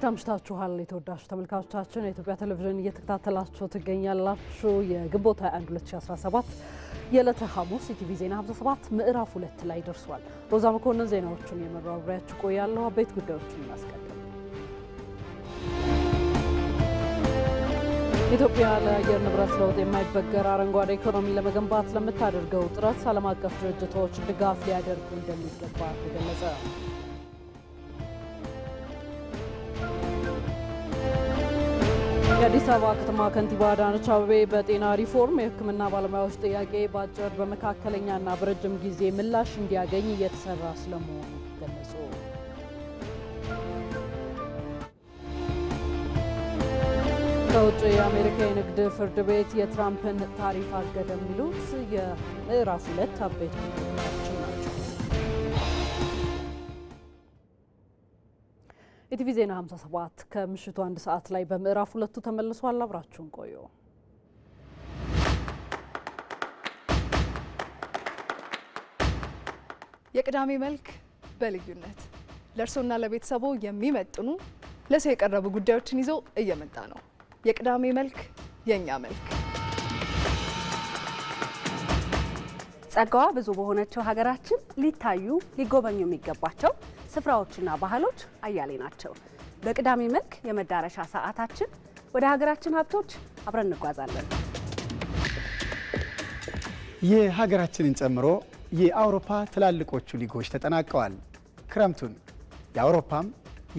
እንዴት አምሽታችኋል የተወዳችሁ ተመልካቾቻችን፣ የኢትዮጵያ ቴሌቪዥን እየተከታተላችሁ ትገኛላችሁ። የግንቦት 21 2017 የዕለተ ሐሙስ ኢቲቪ ዜና 57 ምዕራፍ ሁለት ላይ ደርሷል። ሮዛ መኮንን ዜናዎቹን የመራው ቆያለሁ። አበይት ጉዳዮችን እናስቀድም። ኢትዮጵያ ለአየር ንብረት ለውጥ የማይበገር አረንጓዴ ኢኮኖሚ ለመገንባት ለምታደርገው ጥረት ዓለም አቀፍ ድርጅቶች ድጋፍ ሊያደርጉ እንደሚገባ ተገለጸ። የአዲስ አበባ ከተማ ከንቲባ አዳነች አቤቤ በጤና ሪፎርም የሕክምና ባለሙያዎች ጥያቄ በአጭር በመካከለኛና በረጅም ጊዜ ምላሽ እንዲያገኝ እየተሰራ ስለመሆኑ ገለጹ። ከውጭ የአሜሪካ የንግድ ፍርድ ቤት የትራምፕን ታሪፍ አገደ የሚሉት የምዕራፍ ሁለት አበይት ናቸው። ኢቲቪ ዜና 57 ከምሽቱ አንድ ሰዓት ላይ በምዕራፍ ሁለቱ ተመልሷል። አብራችሁን ቆዩ። የቅዳሜ መልክ በልዩነት ለእርስዎና ለቤተሰቦ የሚመጥኑ ለሰው የቀረቡ ጉዳዮችን ይዘው እየመጣ ነው። የቅዳሜ መልክ የእኛ መልክ ጸጋዋ ብዙ በሆነችው ሀገራችን ሊታዩ ሊጎበኙ የሚገባቸው ስፍራዎችና ባህሎች አያሌ ናቸው። በቅዳሜ መልክ የመዳረሻ ሰዓታችን ወደ ሀገራችን ሀብቶች አብረን እንጓዛለን። የሀገራችንን ጨምሮ የአውሮፓ ትላልቆቹ ሊጎች ተጠናቀዋል። ክረምቱን የአውሮፓም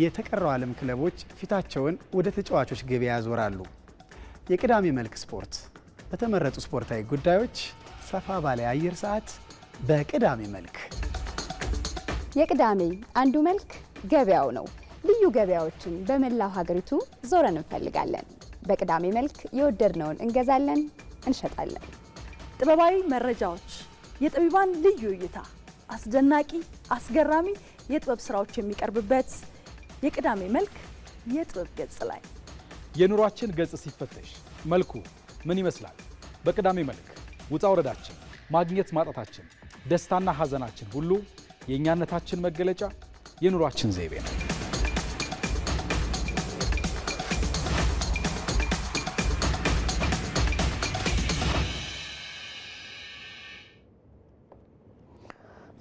የተቀረው ዓለም ክለቦች ፊታቸውን ወደ ተጫዋቾች ገበያ ያዞራሉ። የቅዳሜ መልክ ስፖርት በተመረጡ ስፖርታዊ ጉዳዮች ሰፋ ባለ አየር ሰዓት በቅዳሜ መልክ የቅዳሜ አንዱ መልክ ገበያው ነው። ልዩ ገበያዎችን በመላው ሀገሪቱ ዞረን እንፈልጋለን። በቅዳሜ መልክ የወደድነውን እንገዛለን፣ እንሸጣለን። ጥበባዊ መረጃዎች፣ የጠቢባን ልዩ እይታ፣ አስደናቂ አስገራሚ የጥበብ ስራዎች የሚቀርብበት የቅዳሜ መልክ የጥበብ ገጽ ላይ የኑሯችን ገጽ ሲፈተሽ መልኩ ምን ይመስላል? በቅዳሜ መልክ ውጣ ውረዳችን፣ ማግኘት ማጣታችን፣ ደስታና ሀዘናችን ሁሉ የእኛነታችን መገለጫ የኑሯችን ዘይቤ ነው።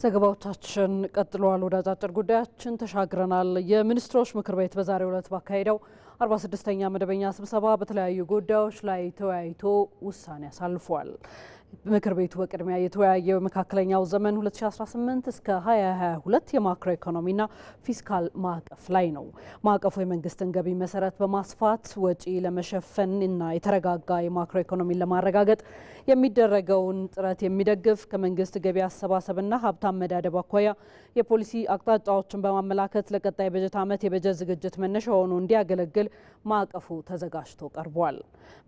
ዘገባዎቻችን ቀጥለዋል። ወደ አጫጭር ጉዳያችን ተሻግረናል። የሚኒስትሮች ምክር ቤት በዛሬው ዕለት ባካሄደው 46ኛ መደበኛ ስብሰባ በተለያዩ ጉዳዮች ላይ ተወያይቶ ውሳኔ አሳልፏል። ምክር ቤቱ በቅድሚያ የተወያየ በመካከለኛው ዘመን 2018 እስከ 2022 የማክሮ ኢኮኖሚና ፊስካል ማዕቀፍ ላይ ነው። ማዕቀፉ የመንግስትን ገቢ መሰረት በማስፋት ወጪ ለመሸፈን እና የተረጋጋ የማክሮ ኢኮኖሚን ለማረጋገጥ የሚደረገውን ጥረት የሚደግፍ ከመንግስት ገቢ አሰባሰብና ሀብት መዳደብ አኳያ የፖሊሲ አቅጣጫዎችን በማመላከት ለቀጣይ በጀት ዓመት የበጀት ዝግጅት መነሻ ሆኖ እንዲያገለግል ማዕቀፉ ተዘጋጅቶ ቀርቧል።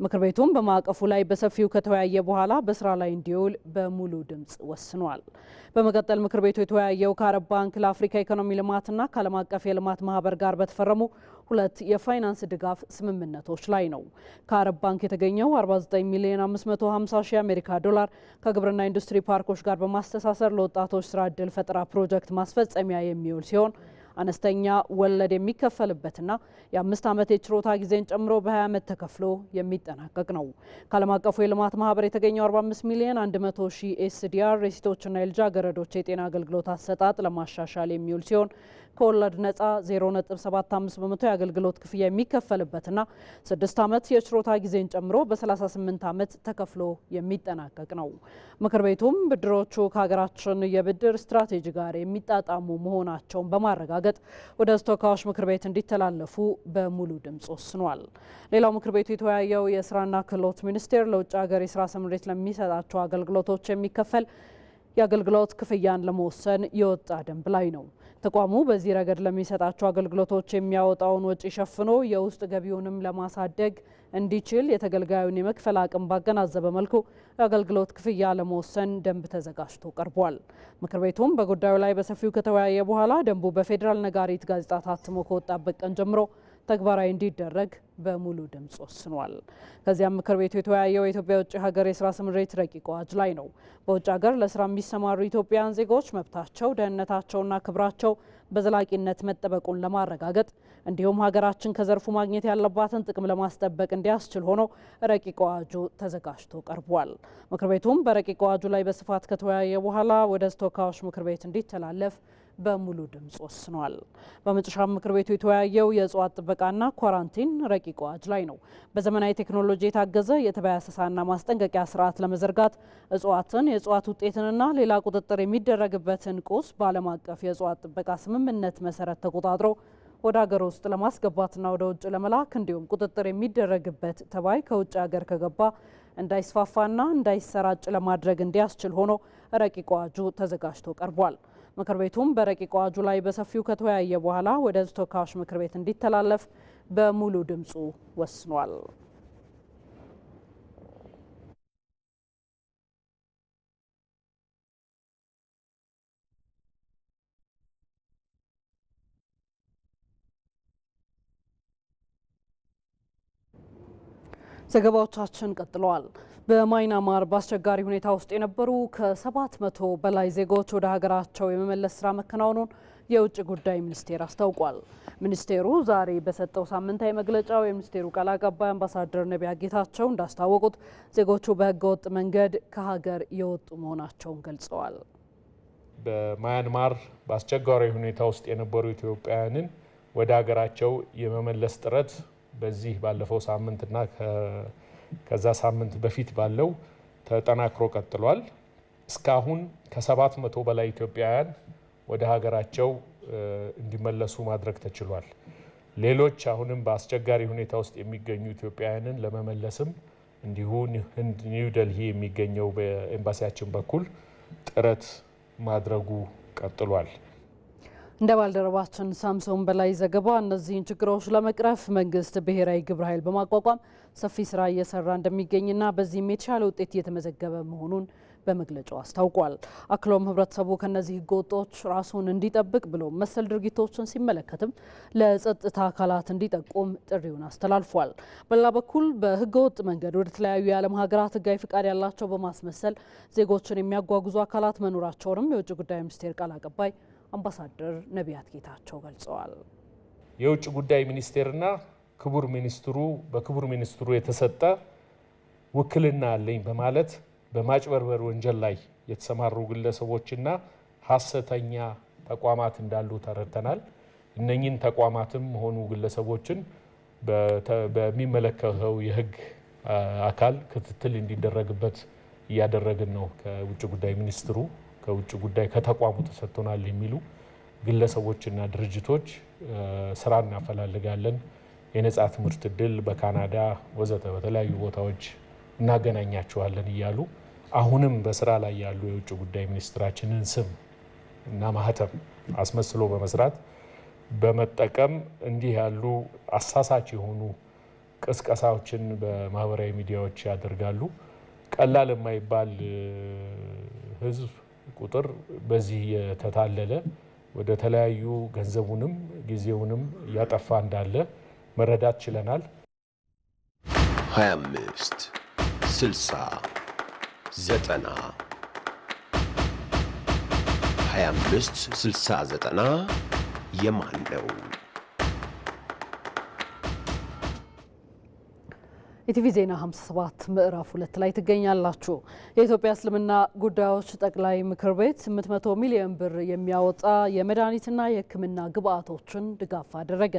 ምክር ቤቱም በማዕቀፉ ላይ በሰፊው ከተወያየ በኋላ በስራ ላይ እንዲውል በሙሉ ድምፅ ወስኗል። በመቀጠል ምክር ቤቱ የተወያየው ከአረብ ባንክ ለአፍሪካ ኢኮኖሚ ልማትና ከዓለም አቀፍ የልማት ማህበር ጋር በተፈረሙ ሁለት የፋይናንስ ድጋፍ ስምምነቶች ላይ ነው። ከአረብ ባንክ የተገኘው 49 ሚሊዮን 550 ሺህ አሜሪካ ዶላር ከግብርና ኢንዱስትሪ ፓርኮች ጋር በማስተሳሰር ለወጣቶች ስራ ዕድል ፈጠራ ፕሮጀክት ማስፈጸሚያ የሚውል ሲሆን አነስተኛ ወለድ የሚከፈልበትና የአምስት ዓመት የችሮታ ጊዜን ጨምሮ በ20 ዓመት ተከፍሎ የሚጠናቀቅ ነው። ከዓለም አቀፉ የልማት ማህበር የተገኘው 45 ሚሊዮን 100 ሺህ ኤስዲአር የሴቶችና የልጃገረዶች የጤና አገልግሎት አሰጣጥ ለማሻሻል የሚውል ሲሆን ከወለድ ነጻ 0.75 በመቶ የአገልግሎት ክፍያ የሚከፈልበትና ስድስት ዓመት የችሮታ ጊዜን ጨምሮ በ38 ዓመት ተከፍሎ የሚጠናቀቅ ነው። ምክር ቤቱም ብድሮቹ ከሀገራችን የብድር ስትራቴጂ ጋር የሚጣጣሙ መሆናቸውን በማረጋገጥ ወደ ተወካዮች ምክር ቤት እንዲተላለፉ በሙሉ ድምጽ ወስኗል። ሌላው ምክር ቤቱ የተወያየው የስራና ክህሎት ሚኒስቴር ለውጭ ሀገር የስራ ስምሪት ለሚሰጣቸው አገልግሎቶች የሚከፈል የአገልግሎት ክፍያን ለመወሰን የወጣ ደንብ ላይ ነው። ተቋሙ በዚህ ረገድ ለሚሰጣቸው አገልግሎቶች የሚያወጣውን ወጪ ሸፍኖ የውስጥ ገቢውንም ለማሳደግ እንዲችል የተገልጋዩን የመክፈል አቅም ባገናዘበ መልኩ የአገልግሎት ክፍያ ለመወሰን ደንብ ተዘጋጅቶ ቀርቧል። ምክር ቤቱም በጉዳዩ ላይ በሰፊው ከተወያየ በኋላ ደንቡ በፌዴራል ነጋሪት ጋዜጣ ታትሞ ከወጣበት ቀን ጀምሮ ተግባራዊ እንዲደረግ በሙሉ ድምጽ ወስኗል። ከዚያም ምክር ቤቱ የተወያየው የኢትዮጵያ የውጭ ሀገር የስራ ስምሪት ረቂቅ አዋጅ ላይ ነው። በውጭ ሀገር ለስራ የሚሰማሩ ኢትዮጵያውያን ዜጎች መብታቸው፣ ደህንነታቸውና ክብራቸው በዘላቂነት መጠበቁን ለማረጋገጥ እንዲሁም ሀገራችን ከዘርፉ ማግኘት ያለባትን ጥቅም ለማስጠበቅ እንዲያስችል ሆኖ ረቂቅ አዋጁ ተዘጋጅቶ ቀርቧል። ምክር ቤቱም በረቂቅ አዋጁ ላይ በስፋት ከተወያየ በኋላ ወደ ተወካዮች ምክር ቤት እንዲተላለፍ በሙሉ ድምፅ ወስኗል። በመጨረሻም ምክር ቤቱ የተወያየው የእጽዋት ጥበቃና ኳራንቲን ረቂቅ አዋጅ ላይ ነው። በዘመናዊ ቴክኖሎጂ የታገዘ የተባይ አሰሳና ማስጠንቀቂያ ስርዓት ለመዘርጋት እጽዋትን፣ የእጽዋት ውጤትንና ሌላ ቁጥጥር የሚደረግበትን ቁስ በዓለም አቀፍ የእጽዋት ጥበቃ ስምምነት መሰረት ተቆጣጥሮ ወደ ሀገር ውስጥ ለማስገባትና ወደ ውጭ ለመላክ እንዲሁም ቁጥጥር የሚደረግበት ተባይ ከውጭ ሀገር ከገባ እንዳይስፋፋና እንዳይሰራጭ ለማድረግ እንዲያስችል ሆኖ ረቂቅ አዋጁ ተዘጋጅቶ ቀርቧል። ምክር ቤቱም በረቂቅ አዋጁ ላይ በሰፊው ከተወያየ በኋላ ወደ ሕዝብ ተወካዮች ምክር ቤት እንዲተላለፍ በሙሉ ድምፁ ወስኗል። ዘገባዎቻችን ቀጥለዋል። በማይናማር በአስቸጋሪ ሁኔታ ውስጥ የነበሩ ከሰባት መቶ በላይ ዜጎች ወደ ሀገራቸው የመመለስ ስራ መከናወኑን የውጭ ጉዳይ ሚኒስቴር አስታውቋል። ሚኒስቴሩ ዛሬ በሰጠው ሳምንታዊ መግለጫው የሚኒስቴሩ ቃል አቀባይ አምባሳደር ነቢያ ጌታቸው እንዳስታወቁት ዜጎቹ በህገወጥ መንገድ ከሀገር የወጡ መሆናቸውን ገልጸዋል። በማያንማር በአስቸጋሪ ሁኔታ ውስጥ የነበሩ ኢትዮጵያውያንን ወደ ሀገራቸው የመመለስ ጥረት በዚህ ባለፈው ሳምንትና ከዛ ሳምንት በፊት ባለው ተጠናክሮ ቀጥሏል። እስካሁን ከሰባት መቶ በላይ ኢትዮጵያውያን ወደ ሀገራቸው እንዲመለሱ ማድረግ ተችሏል። ሌሎች አሁንም በአስቸጋሪ ሁኔታ ውስጥ የሚገኙ ኢትዮጵያውያንን ለመመለስም እንዲሁ ህንድ ኒው ደልሂ የሚገኘው በኤምባሲያችን በኩል ጥረት ማድረጉ ቀጥሏል። እንደ ባልደረባችን ሳምሶን በላይ ዘገባ እነዚህን ችግሮች ለመቅረፍ መንግስት ብሔራዊ ግብረ ኃይል በማቋቋም ሰፊ ስራ እየሰራ እንደሚገኝና በዚህም የተሻለ ውጤት እየተመዘገበ መሆኑን በመግለጫው አስታውቋል። አክሎም ህብረተሰቡ ከእነዚህ ህገወጦች ራሱን እንዲጠብቅ ብሎ መሰል ድርጊቶችን ሲመለከትም ለጸጥታ አካላት እንዲጠቁም ጥሪውን አስተላልፏል። በሌላ በኩል በህገወጥ መንገድ ወደ ተለያዩ የዓለም ሀገራት ህጋዊ ፍቃድ ያላቸው በማስመሰል ዜጎችን የሚያጓጉዙ አካላት መኖራቸውንም የውጭ ጉዳይ ሚኒስቴር ቃል አቀባይ አምባሳደር ነቢያት ጌታቸው ገልጸዋል። የውጭ ጉዳይ ሚኒስቴርና ክቡር ሚኒስትሩ በክቡር ሚኒስትሩ የተሰጠ ውክልና አለኝ በማለት በማጭበርበር ወንጀል ላይ የተሰማሩ ግለሰቦችና ሀሰተኛ ተቋማት እንዳሉ ተረድተናል። እነኝን ተቋማትም ሆኑ ግለሰቦችን በሚመለከተው የሕግ አካል ክትትል እንዲደረግበት እያደረግን ነው ከውጭ ጉዳይ ሚኒስትሩ ከውጭ ጉዳይ ከተቋሙ ተሰጥቶናል የሚሉ ግለሰቦችና ድርጅቶች ስራ እናፈላልጋለን፣ የነጻ ትምህርት እድል በካናዳ ወዘተ በተለያዩ ቦታዎች እናገናኛቸዋለን እያሉ አሁንም በስራ ላይ ያሉ የውጭ ጉዳይ ሚኒስትራችንን ስም እና ማህተም አስመስሎ በመስራት በመጠቀም እንዲህ ያሉ አሳሳች የሆኑ ቅስቀሳዎችን በማህበራዊ ሚዲያዎች ያደርጋሉ። ቀላል የማይባል ህዝብ ቁጥር በዚህ የተታለለ ወደ ተለያዩ ገንዘቡንም ጊዜውንም እያጠፋ እንዳለ መረዳት ችለናል። 25 60 90 25 60 90 የማን ነው? ኢቲቪ ዜና 57 ምዕራፍ ሁለት ላይ ትገኛላችሁ። የኢትዮጵያ እስልምና ጉዳዮች ጠቅላይ ምክር ቤት 800 ሚሊዮን ብር የሚያወጣ የመድኃኒትና የሕክምና ግብአቶችን ድጋፍ አደረገ።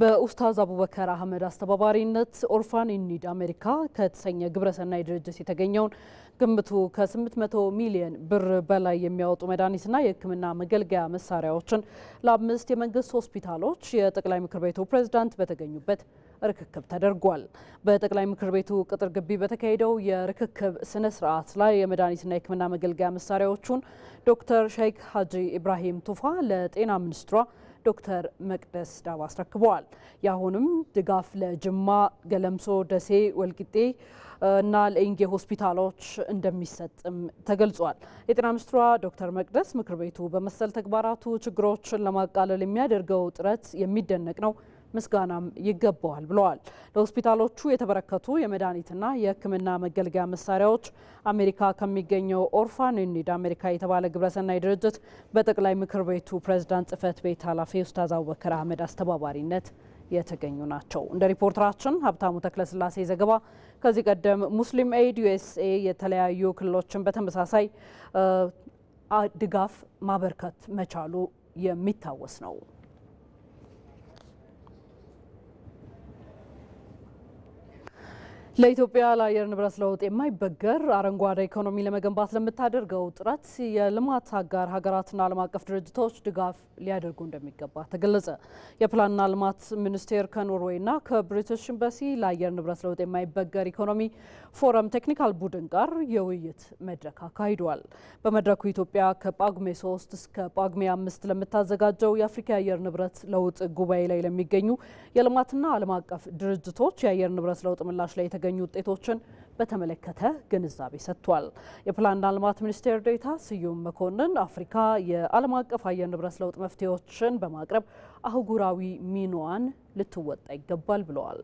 በኡስታዝ አቡበከር አህመድ አስተባባሪነት ኦርፋን ኢኒድ አሜሪካ ከተሰኘ ግብረሰናይ ድርጅት የተገኘውን ግምቱ ከ800 ሚሊዮን ብር በላይ የሚያወጡ መድኃኒትና የሕክምና መገልገያ መሳሪያዎችን ለአምስት የመንግስት ሆስፒታሎች የጠቅላይ ምክር ቤቱ ፕሬዝዳንት በተገኙበት ርክክብ ተደርጓል። በጠቅላይ ምክር ቤቱ ቅጥር ግቢ በተካሄደው የርክክብ ስነ ስርዓት ላይ የመድኃኒትና የሕክምና መገልገያ መሳሪያዎቹን ዶክተር ሼክ ሀጂ ኢብራሂም ቱፋ ለጤና ሚኒስትሯ ዶክተር መቅደስ ዳባ አስረክበዋል። የአሁንም ድጋፍ ለጅማ፣ ገለምሶ፣ ደሴ፣ ወልቂጤ እና ለኢንጌ ሆስፒታሎች እንደሚሰጥም ተገልጿል። የጤና ሚኒስትሯ ዶክተር መቅደስ ምክር ቤቱ በመሰል ተግባራቱ ችግሮችን ለማቃለል የሚያደርገው ጥረት የሚደነቅ ነው ምስጋናም ይገባዋል ብለዋል። ለሆስፒታሎቹ የተበረከቱ የመድኃኒትና የሕክምና መገልገያ መሳሪያዎች አሜሪካ ከሚገኘው ኦርፋን ኒድ አሜሪካ የተባለ ግብረሰናይ ድርጅት በጠቅላይ ምክር ቤቱ ፕሬዝዳንት ጽህፈት ቤት ኃላፊ ኡስታዝ አቡበከር አህመድ አስተባባሪነት የተገኙ ናቸው። እንደ ሪፖርተራችን ሀብታሙ ተክለስላሴ ዘገባ ከዚህ ቀደም ሙስሊም ኤድ ዩኤስኤ የተለያዩ ክልሎችን በተመሳሳይ ድጋፍ ማበርከት መቻሉ የሚታወስ ነው። ለኢትዮጵያ ለአየር ንብረት ለውጥ የማይበገር አረንጓዴ ኢኮኖሚ ለመገንባት ለምታደርገው ጥረት የልማት አጋር ሀገራትና ዓለም አቀፍ ድርጅቶች ድጋፍ ሊያደርጉ እንደሚገባ ተገለጸ። የፕላንና ልማት ሚኒስቴር ከኖርዌይና ከብሪቲሽ ኤምባሲ ለአየር ንብረት ለውጥ የማይበገር ኢኮኖሚ ፎረም ቴክኒካል ቡድን ጋር የውይይት መድረክ አካሂዷል። በመድረኩ ኢትዮጵያ ከጳጉሜ 3 እስከ ጳጉሜ 5 ለምታዘጋጀው የአፍሪካ የአየር ንብረት ለውጥ ጉባኤ ላይ ለሚገኙ የልማትና ዓለም አቀፍ ድርጅቶች የአየር ንብረት ለውጥ ምላሽ ላይ የተገኙ የተገኙ ውጤቶችን በተመለከተ ግንዛቤ ሰጥቷል። የፕላንና ልማት ሚኒስቴር ዴታ ስዩም መኮንን አፍሪካ የዓለም አቀፍ አየር ንብረት ለውጥ መፍትሄዎችን በማቅረብ አህጉራዊ ሚናዋን ልትወጣ ይገባል ብለዋል።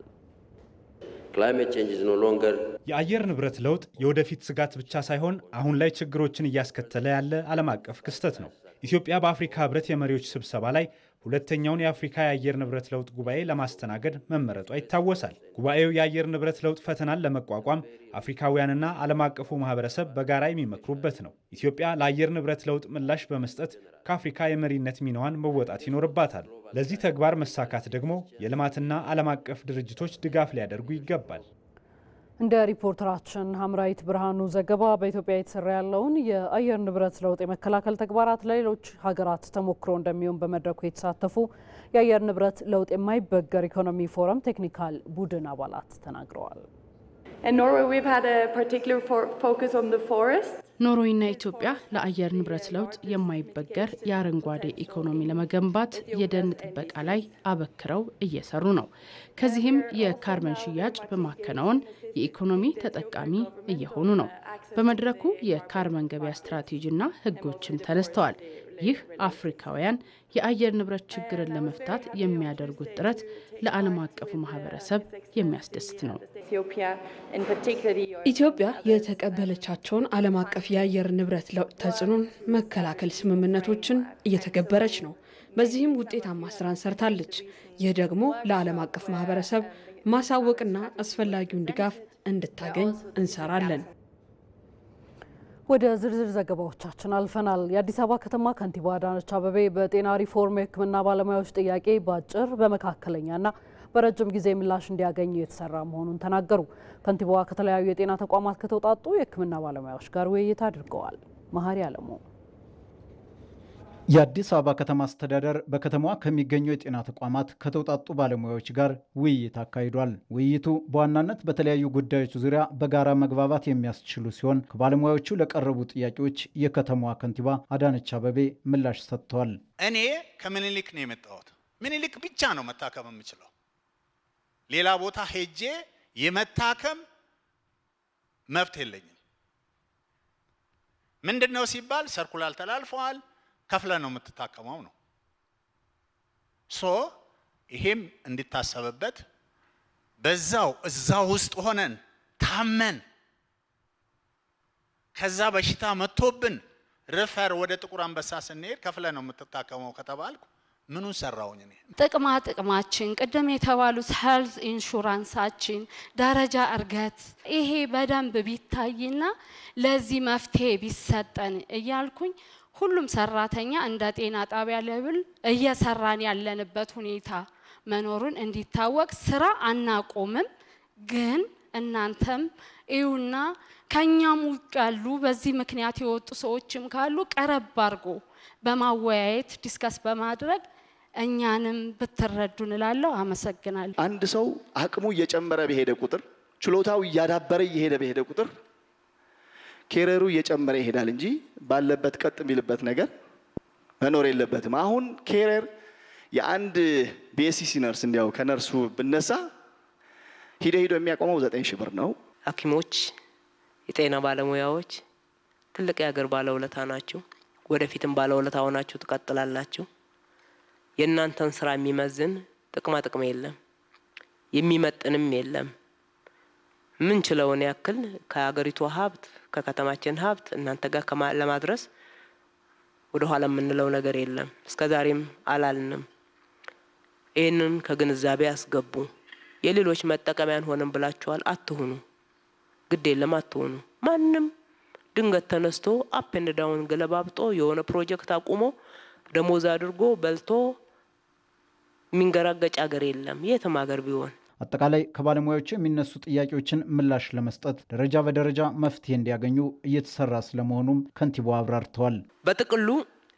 የአየር ንብረት ለውጥ የወደፊት ስጋት ብቻ ሳይሆን አሁን ላይ ችግሮችን እያስከተለ ያለ ዓለም አቀፍ ክስተት ነው። ኢትዮጵያ በአፍሪካ ህብረት የመሪዎች ስብሰባ ላይ ሁለተኛውን የአፍሪካ የአየር ንብረት ለውጥ ጉባኤ ለማስተናገድ መመረጧ ይታወሳል። ጉባኤው የአየር ንብረት ለውጥ ፈተናን ለመቋቋም አፍሪካውያንና ዓለም አቀፉ ማህበረሰብ በጋራ የሚመክሩበት ነው። ኢትዮጵያ ለአየር ንብረት ለውጥ ምላሽ በመስጠት ከአፍሪካ የመሪነት ሚናዋን መወጣት ይኖርባታል። ለዚህ ተግባር መሳካት ደግሞ የልማትና ዓለም አቀፍ ድርጅቶች ድጋፍ ሊያደርጉ ይገባል። እንደ ሪፖርተራችን ሀምራዊት ብርሃኑ ዘገባ በኢትዮጵያ የተሰራ ያለውን የአየር ንብረት ለውጥ የመከላከል ተግባራት ለሌሎች ሀገራት ተሞክሮ እንደሚሆን በመድረኩ የተሳተፉ የአየር ንብረት ለውጥ የማይበገር ኢኮኖሚ ፎረም ቴክኒካል ቡድን አባላት ተናግረዋል። ኖርዌይና ኢትዮጵያ ለአየር ንብረት ለውጥ የማይበገር የአረንጓዴ ኢኮኖሚ ለመገንባት የደን ጥበቃ ላይ አበክረው እየሰሩ ነው። ከዚህም የካርበን ሽያጭ በማከናወን የኢኮኖሚ ተጠቃሚ እየሆኑ ነው። በመድረኩ የካርበን ገበያ ስትራቴጂና ሕጎችም ተነስተዋል። ይህ አፍሪካውያን የአየር ንብረት ችግርን ለመፍታት የሚያደርጉት ጥረት ለዓለም አቀፉ ማህበረሰብ የሚያስደስት ነው። ኢትዮጵያ የተቀበለቻቸውን ዓለም አቀፍ የአየር ንብረት ለውጥ ተጽዕኖን መከላከል ስምምነቶችን እየተገበረች ነው። በዚህም ውጤታማ ስራን ሰርታለች። ይህ ደግሞ ለዓለም አቀፍ ማህበረሰብ ማሳወቅና አስፈላጊውን ድጋፍ እንድታገኝ እንሰራለን። ወደ ዝርዝር ዘገባዎቻችን አልፈናል። የአዲስ አበባ ከተማ ከንቲባ አዳነች አበቤ በጤና ሪፎርም የሕክምና ባለሙያዎች ጥያቄ በአጭር በመካከለኛና በረጅም ጊዜ ምላሽ እንዲያገኝ የተሰራ መሆኑን ተናገሩ። ከንቲባዋ ከተለያዩ የጤና ተቋማት ከተውጣጡ የሕክምና ባለሙያዎች ጋር ውይይት አድርገዋል። መሀሪ አለሙ የአዲስ አበባ ከተማ አስተዳደር በከተማዋ ከሚገኙ የጤና ተቋማት ከተውጣጡ ባለሙያዎች ጋር ውይይት አካሂዷል። ውይይቱ በዋናነት በተለያዩ ጉዳዮች ዙሪያ በጋራ መግባባት የሚያስችሉ ሲሆን ከባለሙያዎቹ ለቀረቡ ጥያቄዎች የከተማዋ ከንቲባ አዳነች አበቤ ምላሽ ሰጥተዋል። እኔ ከምኒልክ ነው የመጣሁት። ምኒልክ ብቻ ነው መታከም የምችለው። ሌላ ቦታ ሄጄ የመታከም መብት የለኝም። ምንድን ነው ሲባል ሰርኩላል ተላልፈዋል ከፍለ ነው የምትታከመው ነው። ሶ ይሄም እንዲታሰብበት በዛው እዛ ውስጥ ሆነን ታመን ከዛ በሽታ መጥቶብን ሪፈር ወደ ጥቁር አንበሳ ስንሄድ ከፍለ ነው የምትታከመው ከተባልኩ ምኑን ሰራውኝ? እኔ ጥቅማ ጥቅማችን ቅድም የተባሉት ሄልዝ ኢንሹራንሳችን ደረጃ እርገት ይሄ በደንብ ቢታይና ለዚህ መፍትሄ ቢሰጠን እያልኩኝ ሁሉም ሰራተኛ እንደ ጤና ጣቢያ ለብል እየሰራን ያለንበት ሁኔታ መኖሩን እንዲታወቅ ስራ አናቆምም፣ ግን እናንተም እዩና ከኛም ውጭ ያሉ በዚህ ምክንያት የወጡ ሰዎችም ካሉ ቀረብ አድርጎ በማወያየት ዲስከስ በማድረግ እኛንም ብትረዱ እንላለሁ። አመሰግናለሁ። አንድ ሰው አቅሙ እየጨመረ በሄደ ቁጥር፣ ችሎታው እያዳበረ እየሄደ በሄደ ቁጥር ኬረሩ እየጨመረ ይሄዳል እንጂ ባለበት ቀጥ የሚልበት ነገር መኖር የለበትም። አሁን ኬረር የአንድ ቤሲሲ ነርስ እንዲያው ከነርሱ ብነሳ ሂደ ሂዶ የሚያቆመው ዘጠኝ ሺ ብር ነው። ሐኪሞች የጤና ባለሙያዎች ትልቅ የሀገር ባለውለታ ናችሁ። ወደፊትም ባለውለታ ሆናችሁ ትቀጥላላችሁ። የእናንተን ስራ የሚመዝን ጥቅማ ጥቅም የለም፣ የሚመጥንም የለም። ምን ችለውን ያክል ከሀገሪቱ ሀብት ከከተማችን ሀብት እናንተ ጋር ለማድረስ ወደ ኋላ የምንለው ነገር የለም። እስከ ዛሬም አላልንም። ይህንን ከግንዛቤ አስገቡ። የሌሎች መጠቀሚያን አንሆንም ብላችኋል። አትሁኑ፣ ግድ የለም አትሁኑ። ማንም ድንገት ተነስቶ አፕን ዳውን ገለባብጦ የሆነ ፕሮጀክት አቁሞ ደሞዝ አድርጎ በልቶ የሚንገራገጭ ሀገር የለም የትም ሀገር ቢሆን አጠቃላይ ከባለሙያዎች የሚነሱ ጥያቄዎችን ምላሽ ለመስጠት ደረጃ በደረጃ መፍትሄ እንዲያገኙ እየተሰራ ስለመሆኑም ከንቲባው አብራርተዋል። በጥቅሉ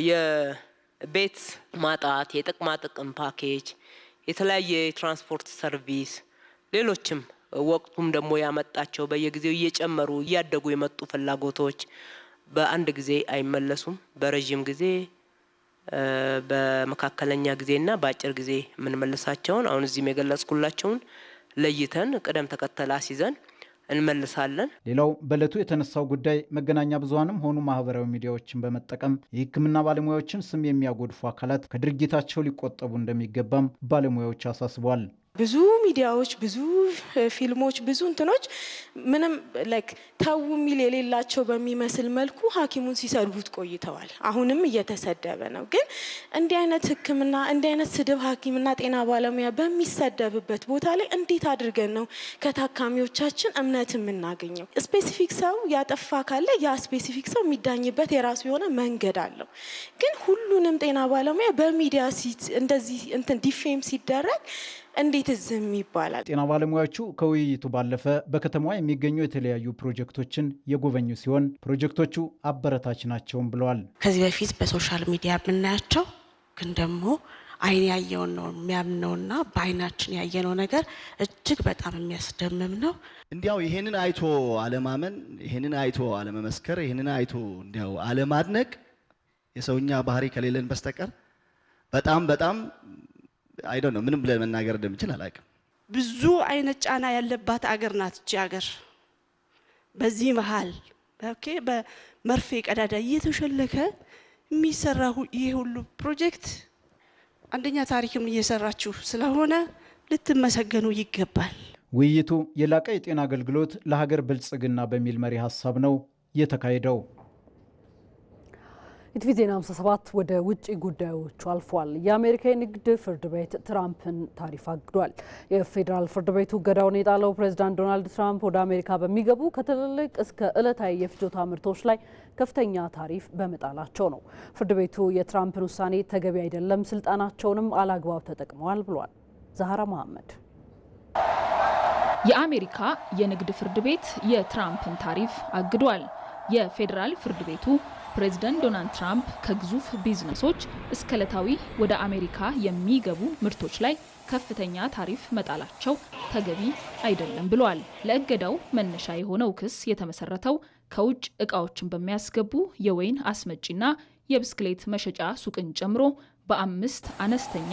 የቤት ማጣት፣ የጥቅማ ጥቅም ፓኬጅ፣ የተለያየ የትራንስፖርት ሰርቪስ፣ ሌሎችም ወቅቱም ደግሞ ያመጣቸው በየጊዜው እየጨመሩ እያደጉ የመጡ ፍላጎቶች በአንድ ጊዜ አይመለሱም። በረዥም ጊዜ በመካከለኛ ጊዜና በአጭር ጊዜ የምንመልሳቸውን አሁን እዚህም የገለጽኩላቸውን ለይተን ቅደም ተከተል አስይዘን እንመልሳለን። ሌላው በእለቱ የተነሳው ጉዳይ መገናኛ ብዙሀንም ሆኑ ማህበራዊ ሚዲያዎችን በመጠቀም የሕክምና ባለሙያዎችን ስም የሚያጎድፉ አካላት ከድርጊታቸው ሊቆጠቡ እንደሚገባም ባለሙያዎች አሳስቧል። ብዙ ሚዲያዎች፣ ብዙ ፊልሞች፣ ብዙ እንትኖች ምንም ላይክ ተው የሚል የሌላቸው በሚመስል መልኩ ሐኪሙን ሲሰድቡት ቆይተዋል። አሁንም እየተሰደበ ነው። ግን እንዲህ አይነት ሕክምና እንዲህ አይነት ስድብ ሐኪምና ጤና ባለሙያ በሚሰደብበት ቦታ ላይ እንዴት አድርገን ነው ከታካሚዎቻችን እምነት የምናገኘው? ስፔሲፊክ ሰው ያጠፋ ካለ ያ ስፔሲፊክ ሰው የሚዳኝበት የራሱ የሆነ መንገድ አለው። ግን ሁሉንም ጤና ባለሙያ በሚዲያ እንደዚህ እንትን ዲፌም ሲደረግ እንዴት ዝም ይባላል? ጤና ባለሙያዎቹ ከውይይቱ ባለፈ በከተማዋ የሚገኙ የተለያዩ ፕሮጀክቶችን የጎበኙ ሲሆን ፕሮጀክቶቹ አበረታች ናቸውም ብለዋል። ከዚህ በፊት በሶሻል ሚዲያ የምናያቸው ግን ደግሞ አይን ያየውን ነው የሚያምነውና በአይናችን ያየነው ነገር እጅግ በጣም የሚያስደምም ነው። እንዲያው ይሄንን አይቶ አለማመን፣ ይሄንን አይቶ አለመመስከር፣ ይሄንን አይቶ እንዲያው አለማድነቅ የሰውኛ ባህሪ ከሌለን በስተቀር በጣም በጣም አይዶ ነው ምንም ለመናገር እንደምችል አላውቅም። ብዙ አይነት ጫና ያለባት አገር ናት እቺ አገር። በዚህ መሀል ኦኬ በመርፌ ቀዳዳ እየተሸለከ የሚሰራ ይሄ ሁሉ ፕሮጀክት አንደኛ ታሪክም እየሰራችሁ ስለሆነ ልትመሰገኑ ይገባል። ውይይቱ የላቀ የጤና አገልግሎት ለሀገር ብልጽግና በሚል መሪ ሀሳብ ነው የተካሄደው። ኢቲቪ ዜና 57 ወደ ውጭ ጉዳዮቹ አልፏል። የአሜሪካ የንግድ ፍርድ ቤት ትራምፕን ታሪፍ አግዷል። የፌዴራል ፍርድ ቤቱ እገዳውን የጣለው ፕሬዚዳንት ዶናልድ ትራምፕ ወደ አሜሪካ በሚገቡ ከትልልቅ እስከ ዕለታዊ የፍጆታ ምርቶች ላይ ከፍተኛ ታሪፍ በመጣላቸው ነው። ፍርድ ቤቱ የትራምፕን ውሳኔ ተገቢ አይደለም፣ ስልጣናቸውንም አላግባብ ተጠቅመዋል ብሏል። ዛህራ መሐመድ የአሜሪካ የንግድ ፍርድ ቤት የትራምፕን ታሪፍ አግዷል። የፌዴራል ፍርድ ቤቱ ፕሬዝደንት ዶናልድ ትራምፕ ከግዙፍ ቢዝነሶች እስከ ዕለታዊ ወደ አሜሪካ የሚገቡ ምርቶች ላይ ከፍተኛ ታሪፍ መጣላቸው ተገቢ አይደለም ብለዋል። ለእገዳው መነሻ የሆነው ክስ የተመሰረተው ከውጭ እቃዎችን በሚያስገቡ የወይን አስመጪና የብስክሌት መሸጫ ሱቅን ጨምሮ በአምስት አነስተኛ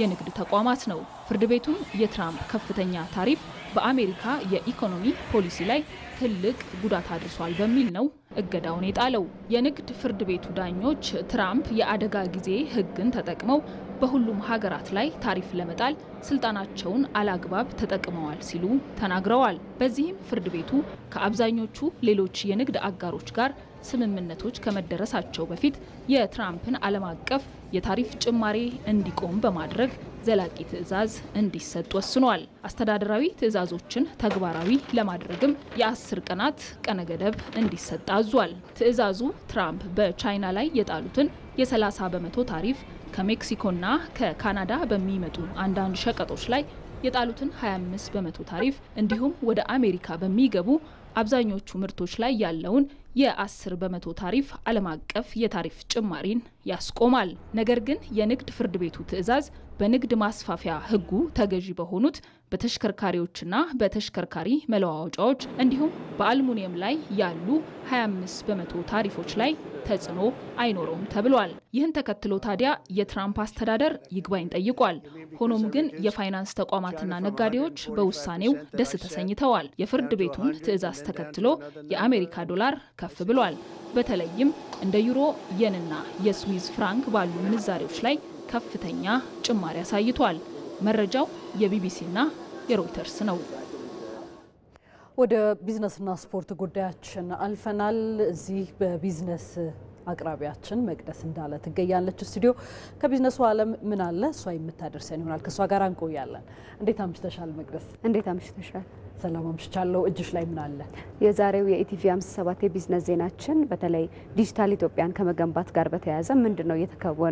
የንግድ ተቋማት ነው። ፍርድ ቤቱም የትራምፕ ከፍተኛ ታሪፍ በአሜሪካ የኢኮኖሚ ፖሊሲ ላይ ትልቅ ጉዳት አድርሷል በሚል ነው እገዳውን የጣለው። የንግድ ፍርድ ቤቱ ዳኞች ትራምፕ የአደጋ ጊዜ ሕግን ተጠቅመው በሁሉም ሀገራት ላይ ታሪፍ ለመጣል ስልጣናቸውን አላግባብ ተጠቅመዋል ሲሉ ተናግረዋል። በዚህም ፍርድ ቤቱ ከአብዛኞቹ ሌሎች የንግድ አጋሮች ጋር ስምምነቶች ከመደረሳቸው በፊት የትራምፕን ዓለም አቀፍ የታሪፍ ጭማሪ እንዲቆም በማድረግ ዘላቂ ትዕዛዝ እንዲሰጥ ወስኗል። አስተዳደራዊ ትዕዛዞችን ተግባራዊ ለማድረግም የአስር ቀናት ቀነ ገደብ እንዲሰጥ አዟል። ትዕዛዙ ትራምፕ በቻይና ላይ የጣሉትን የ30 በመቶ ታሪፍ ከሜክሲኮና ከካናዳ በሚመጡ አንዳንድ ሸቀጦች ላይ የጣሉትን 25 በመቶ ታሪፍ እንዲሁም ወደ አሜሪካ በሚገቡ አብዛኞቹ ምርቶች ላይ ያለውን የ10 በመቶ ታሪፍ ዓለም አቀፍ የታሪፍ ጭማሪን ያስቆማል። ነገር ግን የንግድ ፍርድ ቤቱ ትዕዛዝ በንግድ ማስፋፊያ ሕጉ ተገዢ በሆኑት በተሽከርካሪዎችና በተሽከርካሪ መለዋወጫዎች እንዲሁም በአልሙኒየም ላይ ያሉ 25 በመቶ ታሪፎች ላይ ተጽዕኖ አይኖረውም ተብሏል። ይህን ተከትሎ ታዲያ የትራምፕ አስተዳደር ይግባኝ ጠይቋል። ሆኖም ግን የፋይናንስ ተቋማትና ነጋዴዎች በውሳኔው ደስ ተሰኝተዋል። የፍርድ ቤቱን ትዕዛዝ ተከትሎ የአሜሪካ ዶላር ከፍ ብሏል። በተለይም እንደ ዩሮ፣ የንና የስዊዝ ፍራንክ ባሉ ምንዛሬዎች ላይ ከፍተኛ ጭማሪ አሳይቷል። መረጃው የቢቢሲና የሮይተርስ ነው። ወደ ቢዝነስና ስፖርት ጉዳያችን አልፈናል። እዚህ በቢዝነስ አቅራቢያችን መቅደስ እንዳለ ትገኛለች ስቱዲዮ። ከቢዝነሱ ዓለም ምን አለ እሷ የምታደርሰን ይሆናል። ከእሷ ጋር እንቆያለን። እንዴት አምሽተሻል መቅደስ? እንዴት አምሽተሻል? ሰላም አምሽቻለሁ። እጅሽ ላይ ምን አለ? የዛሬው የኢቲቪ 57 የቢዝነስ ዜናችን በተለይ ዲጂታል ኢትዮጵያን ከመገንባት ጋር በተያያዘ ምንድን ነው እየተከወኑ